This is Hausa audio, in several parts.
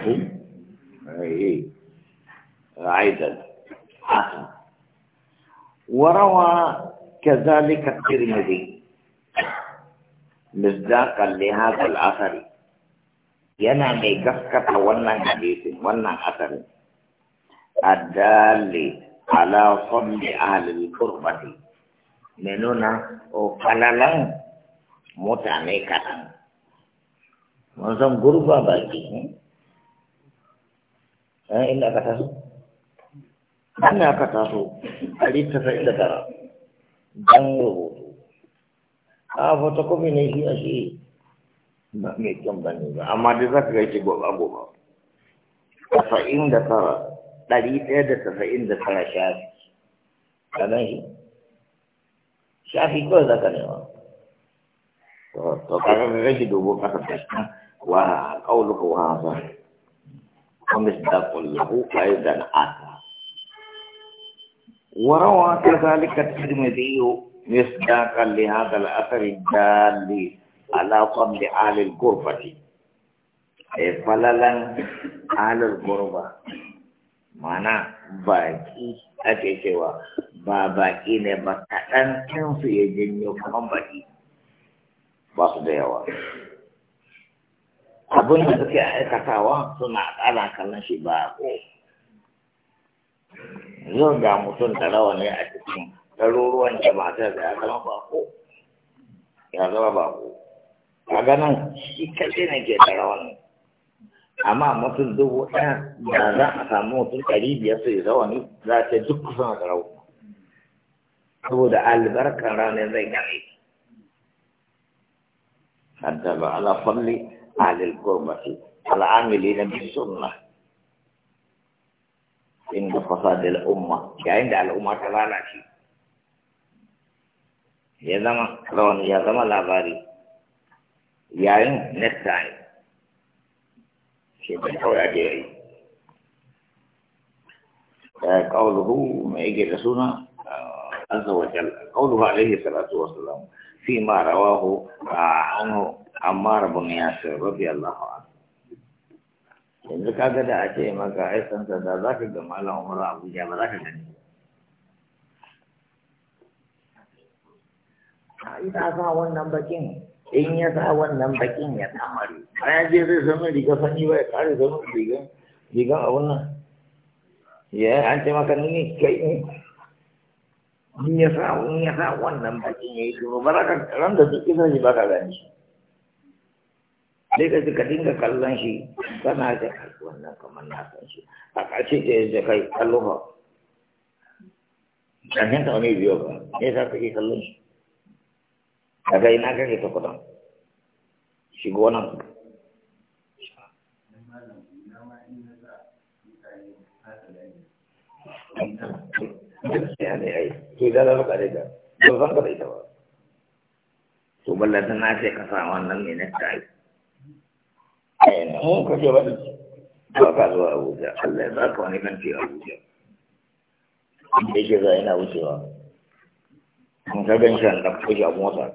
أيضا حسن وروى كذلك الترمذي مصداقا لهذا الأثر yana mai gaskata wannan hadisin wannan asarin adali ala fadli ahlil qurbati mai nuna o oh, falalan mutane kaɗan mun san gurba baki hmm? eh inda aka taso inda aka taso ɗari tasa'in da tara dan rubutu a fotokofi ne shi a shi ba mai kyan ba ne ba amma dai za ka gaishe goba goba tasa'in da tara ɗari ɗaya da tasa'in da tara shafi ka gan shi shafi kawai za ka nema to kaga ka gaishe dogo kasa wa ƙauluka wa hasa kamis dakul lahu aidan ata wa rawa kadhalika at-tirmidhi misdaqa li hadha al-athar dali ala qabli ahli al-qurbati ay e, falalan ahli al mana baki ake cewa ba baki ne ba kaɗan kansu ya janyo kaman baki ba su da yawa abin da suke aikatawa suna ƙara kallon shi ba ko zan ga mutum da rawa ne a cikin ɗaruruwan jama'a da ya zama ba ko ya zama ba ko a ganin shi kalli ne ke da ne amma mutum dubu ɗaya da za a samu mutum ɗari biyar su yi ne za a ce duk kusan da rawa saboda albarkar ranar zai gane hatta ba ala kwalli. أهل القربة العاملين بالسنة عند فساد الأمة عند الأمة تلالتي ya zama rawan ya zama labari yayin next time shi bai kawai ake yi قوله ما يجي رسولنا آه، عز وجل قوله عليه الصلاة والسلام فيما رواه آه، عنه amma rabin ya rabi Allah yanzu ka ga da a ce maka aisan da za ka ga malam umar abuja ba za ka gani ina sa wannan bakin in ya sa wannan bakin ya tamari bayan je zai zama riga sanyi ba ya kare zama riga riga a wannan ya an ce maka ni kai in ya sa wannan bakin ya yi kuma ba za ka ran da duk ita ba ka gani sai ka ka dinga kallon shi kana da wannan kamar na san shi a ƙarshe da ya yi kallo ba ƙarshen ta wani biyo ba ne me ka yi kallon shi a ga ina kake ta kuɗin shigo nan to da ka da ba zan ka da ba to ballanta na ce ka sa wannan ne na ta yi mun ka je wani ba ka zuwa abuja allah ya baka wani kanti abuja inda yake za yana wucewa mun ka gan shi an ɗauko shi a mota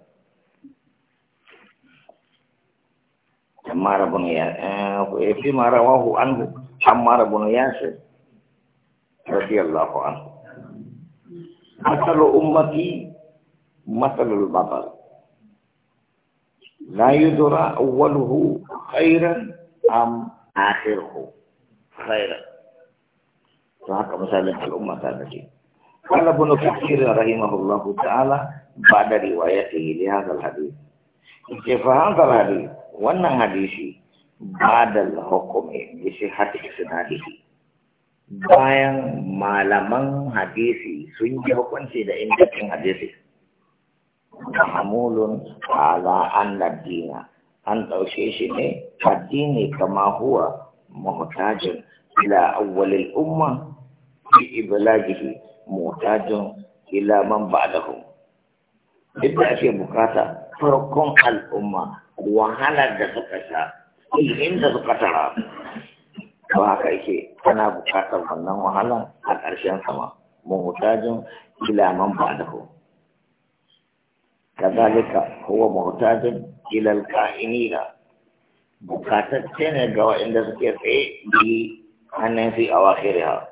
ya bin eh, Yasir, fi an ma rawahu anhu Ammar bin Yasir radhiyallahu anhu. Masalu ummati masalul batal. لا يدرى أوله خيرا أم آخره خيرا فهك مسالم الأمة التي قال ابن كثير رحمه الله تعالى بعد روايته لهذا الحديث فهذا الحديث وأن حديثي بعد الحكم بصحة إسناده bayan malaman hadisi sun yi hukunci da ingancin hadisi mahmulun ala an dina an ɗauke shi ne addini kama huwa muhtajin ila awwalil umma fi iblagihi muhtajin ila man ba'dahu duk ake bukata farkon al'umma wahalar da suka sha ilimin da suka tara to haka yake ana bukatar wannan wahalar a ƙarshen sama muhtajin ila man ba'dahu كذلك هو محتاج إلى الكائنين بكاتتين جوا عند ذكر بأن في أواخرها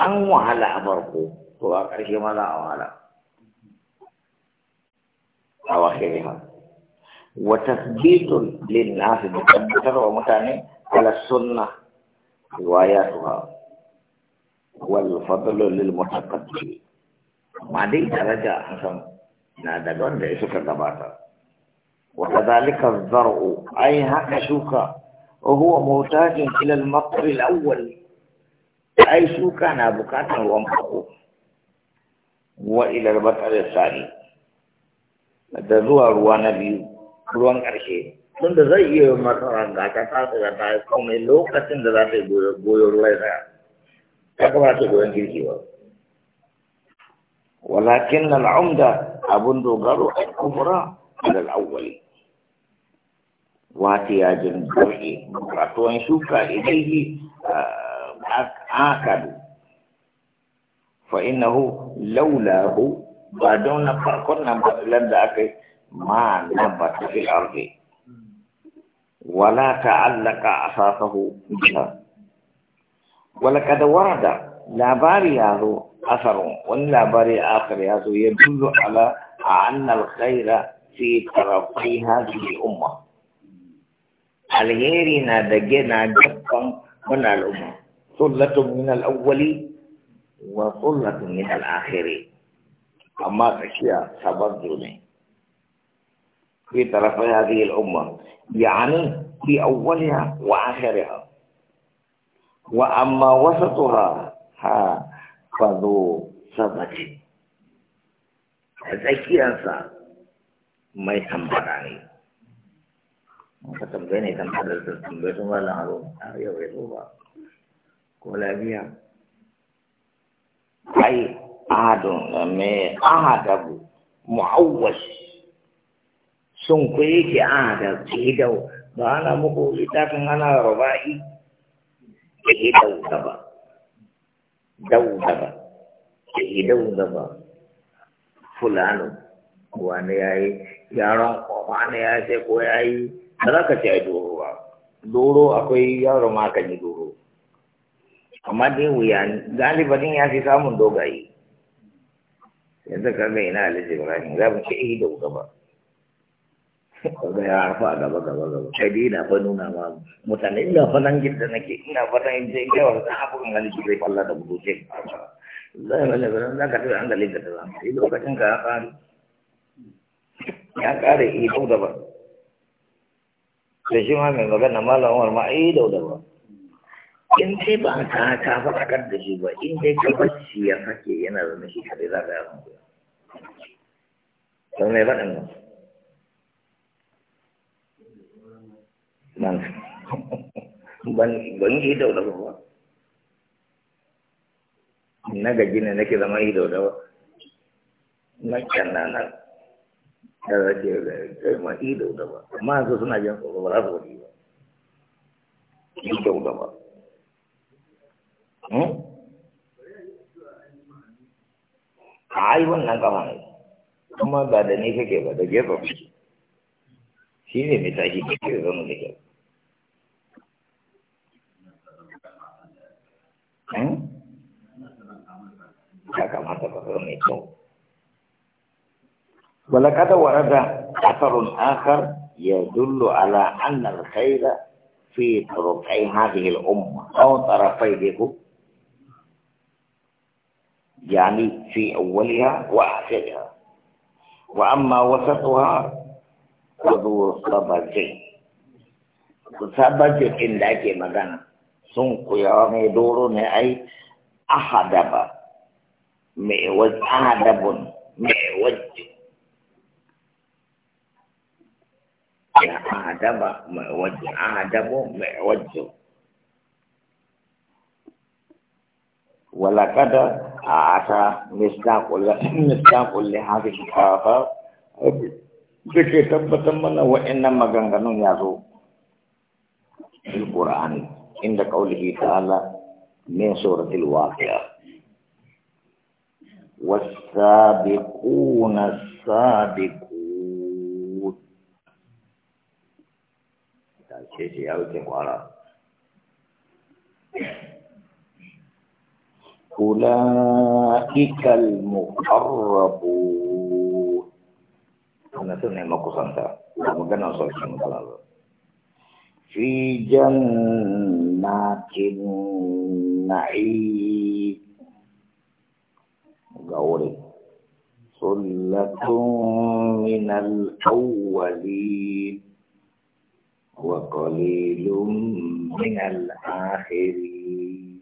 أن وعلى أبرقه هو أكرشي ماذا وعلى أواخرها وتثبيت للناس مقدر ومتاني على السنة رواياتها والفضل للمتقدمين amma dai daraja an san na daga wanda ya suka gabata Wata kadhalika zar'u ai haka shuka huwa mutajin ila al-maqr al-awwal ai shuka na bukatar ruwan farko wa ilal al-batar al-thani da zuwa ruwa na biyu ruwan ƙarshe tunda zai iya matsaran ga ta tsatsa da ta komai lokacin da za ta yi goyon ruwa ya tsaya ta kuma ta goyon girki ba walakin na la'umda abin dogaro a kumura da la'awali wata yajin gari ratuwan shuka idan yi a fa innahu laulahu ba don na farkon na babilan da aka ma na ba wala ta allaka a sasahu wala ka da لا باري هذا أثر ولا باري آخر هذا يدل على أن الخير في ترقي هذه الأمة الهيرنا نادجنا جبا من الأمة صلة من الأول وصلة من الآخر أما تشياء سبضوني في طرف هذه الأمة يعني في أولها وآخرها وأما وسطها ha fazo sabbaci. a tsakiyarsa mai tambara ne ka tambaye ne tambarar da tambaye da wala haro a yau ya zo ba ko lafiya ai ahadun me ahadabu mu'awwas sun ku yake ahadar hidau ba ana muku littafin ana ruba'i hidau ba daudaba ke eh, daudaba fulano wani ya yi yaron wani ya ce ko ya yi da za ka ce a doro ba doro akwai yaro ma kan yi doro amma dai wuya galibin ya fi samun dogaye yanzu ka ga ina alhaji ibrahim za mu ce ihi eh, daudaba kaga ya harfa a gaba gaba gaba sai dai na fa nuna ma mutane ina fa nan gidda nake ina fa nan je ga wa ta habu kan halitta zai falla da budo zai wala garan zaka tafi an galin da ta sai lokacin ka ya kare ya kare ido da ba da shi ma mai magana malam Umar ma ido da ba in dai ba ka ka faɗakar da shi ba in dai ka bacci ya sake yana zama shi kare za ka yi hankali. Sau mai faɗin nan ban yi daudaba na gaji ne nake zama na da da ma suna jin ba su ba wannan ne kuma ba da kake ba da shi ne mai tashi kake zama da mai ولقد ورد أثر آخر يدل على أن الخير في طرفي هذه الأمة أو طرفيه يعني في أولها وآخرها وأما وسطها فذو صبج صبج إن لك مدن سنقيا مدورون أي أحدبا معوج أدب ميوز يا أدب ميوز أدب معوج ولقد أتى مصداق مصداق لهذه الآثار ذكر تبت من وإنما جنغنون يزو القرآن عند قوله تعالى من سورة الواقعة والسابقون السابقون شيء شيء أو كمارا أولئك المقربون أنا سنة ما كسانتا ممكن أن أصلح مثلا في جنات النعيم قولي سلة من الأولين وقليل من الآخرين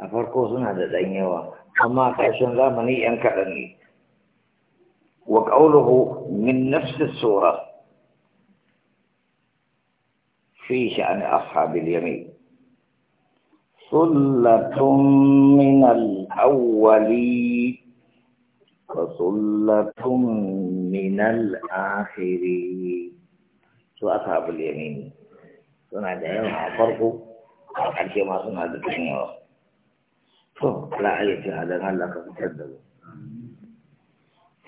أفرقوا سنة دائما كما قاشن لا مني أنكرني وقوله من نفس السورة في شأن أصحاب اليمين ثلة من الأولي وثلة من الآخري شو أصحاب اليمين سنة دائما فرق حتى ما سنة الدنيا لا أي هذا قال لك تكذب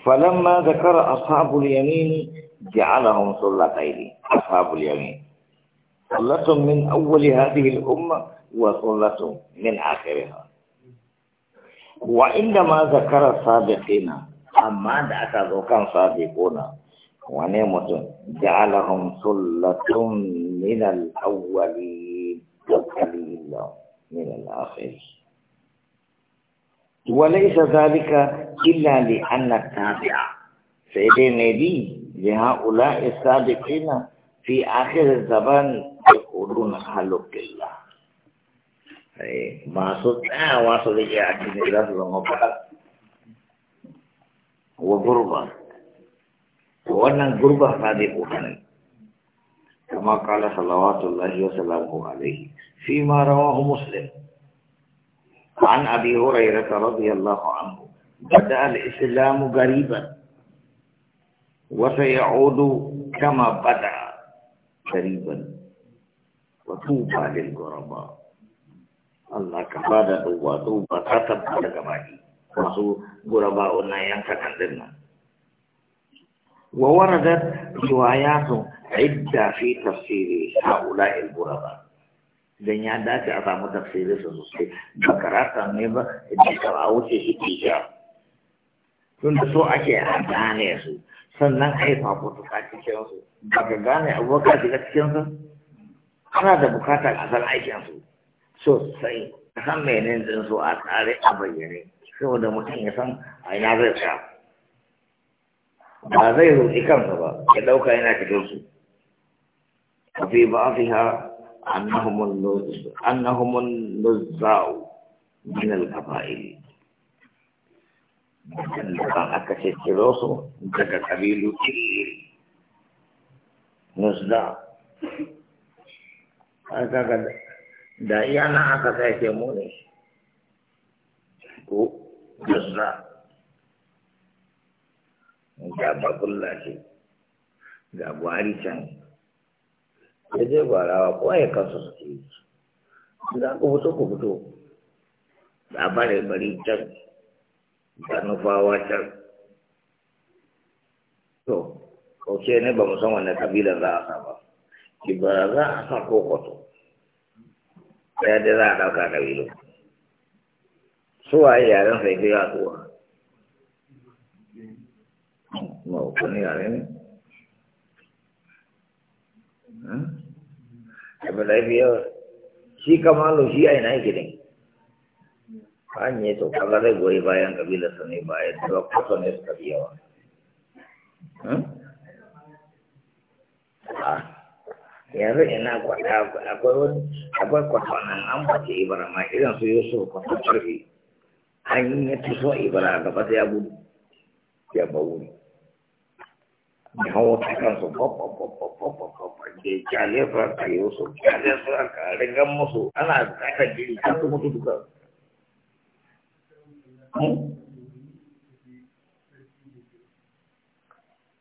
فلما ذكر أصحاب اليمين جعلهم ثلتين أصحاب اليمين ثلة من أول هذه الأمة وصلة من آخرها وعندما ذكر الصادقين أما دعك كان صادقون ونعمة جعلهم صلة من الأولين وقليل من الآخرين وليس ذلك إلا لأن التابع سيدنا دي لهؤلاء الصادقين في آخر الزمان يقولون خلق الله masu tsayawa su rike a cikin za su zama fadar wa gurba wannan gurba ta كما قال صلوات الله وسلامه عليه فيما رواه مسلم عن أبي هريرة رضي الله عنه بدأ الإسلام غريبا وسيعود كما بدأ غريبا وطوبى للغرباء Allah ka ba da duba duba ta tabbata gabaɗi, wasu masu guraba wannan yanka kan din nan wa waradat riwayatu idda fi tafsiri haula al guraba dan ya dace a samu tafsirin su sosai ba karata ne ba idan ka ba wuce shi tija tun da so ake a gane su sannan a yi fafutuka cikin su ba ka gane abubakar daga cikin su ana da bukatar a san aikin su sosai a san menen din su a tsare a bayyane saboda mutum ya san a ina zai tsaya ba zai roƙi kansa ba ya ɗauka yana cikin su a fi ba fi ha annahumun nuzza'u min al-qaba'il kan aka ce ciro su daga kabilu iri nuzza aka da iya nan aka sai ke mu ne ko gaza ga babulla ce ga buhari can ya je gwarawa ko ya kansu suke yi da ku fito ku fito da bare bari can da nufawa can to kauce ne ba mu san wannan kabilar za a sa ba ki ba za a sa ko kwato ɗaya da za a ɗauka ƙabilu suwa yaren sai fi yaduwa mawukuni yare ne abu hmm? da fi yawa shi kamalu shi a ina yake ne hanyar to kaga zai goyi bayan ƙabilarsa ne ba ya tura kusa ne suka fi yawa hmm? a ah. yanzu ina kwata akwai wani akwai kwata nan an bace ibara ma idan su yi so kwata karfi an yi so ibara gaba ta ya gudu ya bawu ya hawo ta kansu ke kyale yi kyale su musu ana zaka jiri su mutu duka hmm?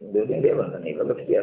Dole ne ba gaskiya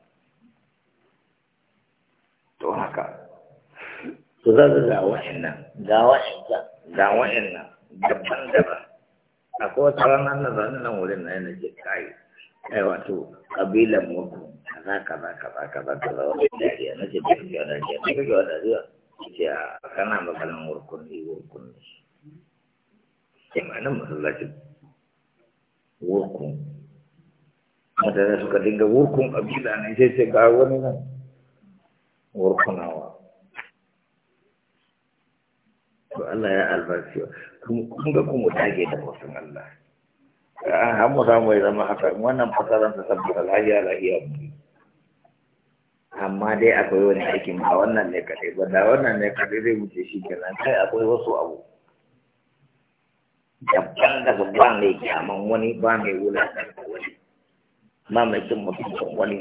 to za ga wa'annan ga wa'annan ga wa'annan daban-daban akwai wata ranar na zane nan wurin na yana je kai kai wato kabilan mutu kaza kaza kaza kaza kaza wani dariya na ce bai kake wa dariya na kake wa dariya ce a ah, kana maganin wurkun ne wurkun ne ce ma nan masallacin wurkun mutane suka dinga wurkun kabila ne sai sai ga wani nan wurkunawa to Allah ya albarci kun ga kuma dage da wasan Allah an ah, mu samu ya zama haka wannan fasaran ta sabbata lahiya lahiya amma dai akwai wani aikin ba wannan ne kaɗai ba da wannan ne kaɗai zai wuce shi kenan kai akwai wasu abu dabban da ba mai kyaman wani ba mai wula da wani ba mai cin mutuncin wani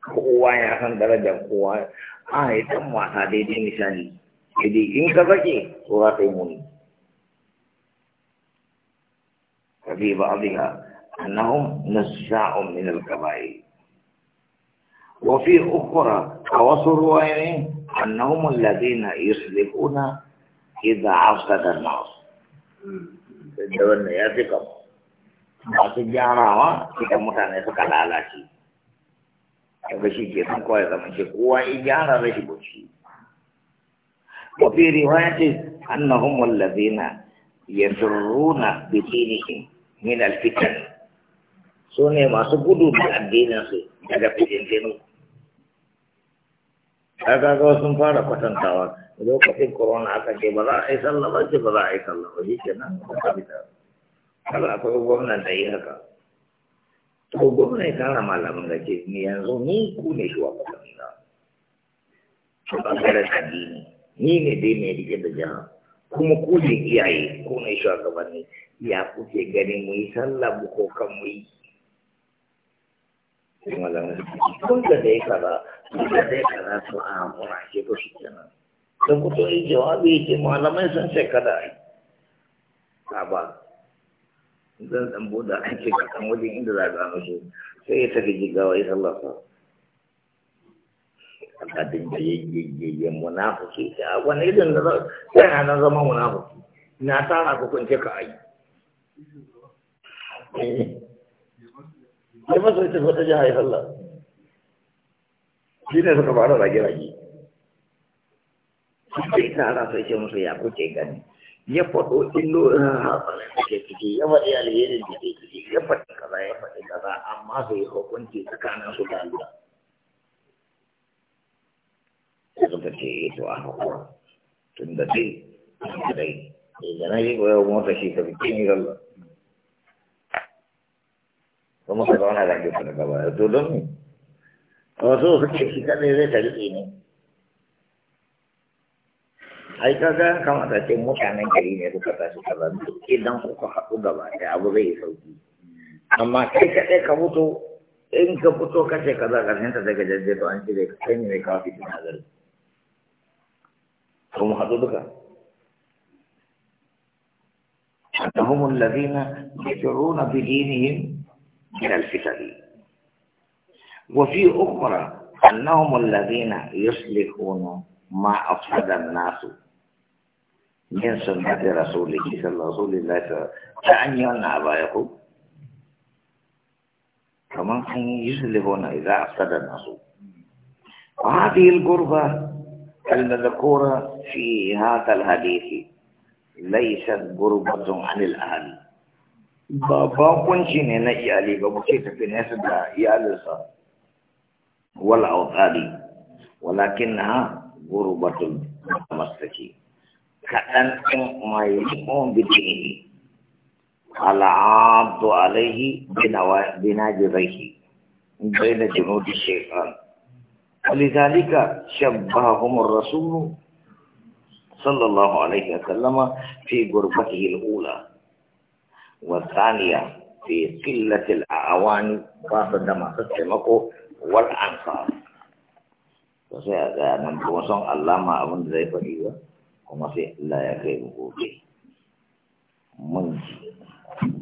kowa ya san darajar kowa ah, a yi ɗan wasa daidai misali jadi ini kata sake to timun ka bahagia anahum nasya'um ba min al-kaba'i wa fi ukhra awasu ruwayin anahum alladhina yuslihuna idza afsada an-nas da wannan ya fi masih jarang gyarawa kita mutan itu lalace lagi shi ke san kawai zaman shi kowa in gyara zai وفي رواية أنهم الذين يذرون بدينهم من الفتن سوني ما سبودوا مع الدين سي هذا في دين دينو هذا هو سنفارة قطن تاوات لو قطن كورونا صلى الله وجه براحي صلى الله وجه جنا قال أقول قومنا نتعيها كا تقول قومنا يتعنا ما لا من رجيس ميانزو ni ne dai mai rike da jiha kuma ku ne iyaye ku ne shugabanni ya kuke gani mu yi sallah mu kan mu yi kun da dai kaza kun da dai kaza to a mura ke to shi kenan don ku to yi jawabi ce malamai sun ce kada a ba zan dan buɗe an ce ka kan wajen inda za ka gano shi sai ya tafi jigawa ya sallah ka dinga yayyayyayen munafuki a wani idan da yana nan zama munafuki na tara ku kunce ka ai ya masu ita fata ji haifar Allah shi ne suka fara rage-rage su ce tara sai ce musu ya kuke gani ya faɗo illo hatsarin da ke ciki ya faɗi alherin da ke ciki ya faɗi kaza ya faɗi kaza amma su yi hukunci tsakanin su da Allah suka ce eh, to a haƙura tun da dai dai eh, da na yi koyo mota shi ka bikin yi galla kuma ka zauna da ke fara gaba to don ne wasu suke shi kaɗai zai ta riƙe ne ai kaga kamata ce mutanen gari ne suka tashi kaza idan kuka haɗu gaba ɗaya abu zai yi sauki amma kai ka kaɗai ka fito in ka fito kace kaza ƙarshen ta daga jajjato an ce da kai ne mai kawo fitin nazari ثم حدودك هم الذين يجرون بدينهم من الفتن وفي أخرى أنهم الذين يصلحون ما أفسد الناس من سنة رسوله صلى الله عليه وسلم كأن ينع أبايكم كما أن يصلحون إذا أفسد الناس وهذه القربة المذكورة في هذا الحديث ليست قربة عن الأهل بابا كنشي نا بابا كيف في ناس دا ولا والأوطاد ولكنها قربة مستكي كأن ما يقوم بدينه عبد عليه بنواجذيه بين جنود الشيطان ولذلك شبههم الرسول صلى الله عليه وسلم في غربته الأولى والثانية في قلة الأعوان بعد ما تسمكوا والأنصار Saya ada enam kosong alama abang dari pagi ya. Kau masih layak kayak mukul. Menci.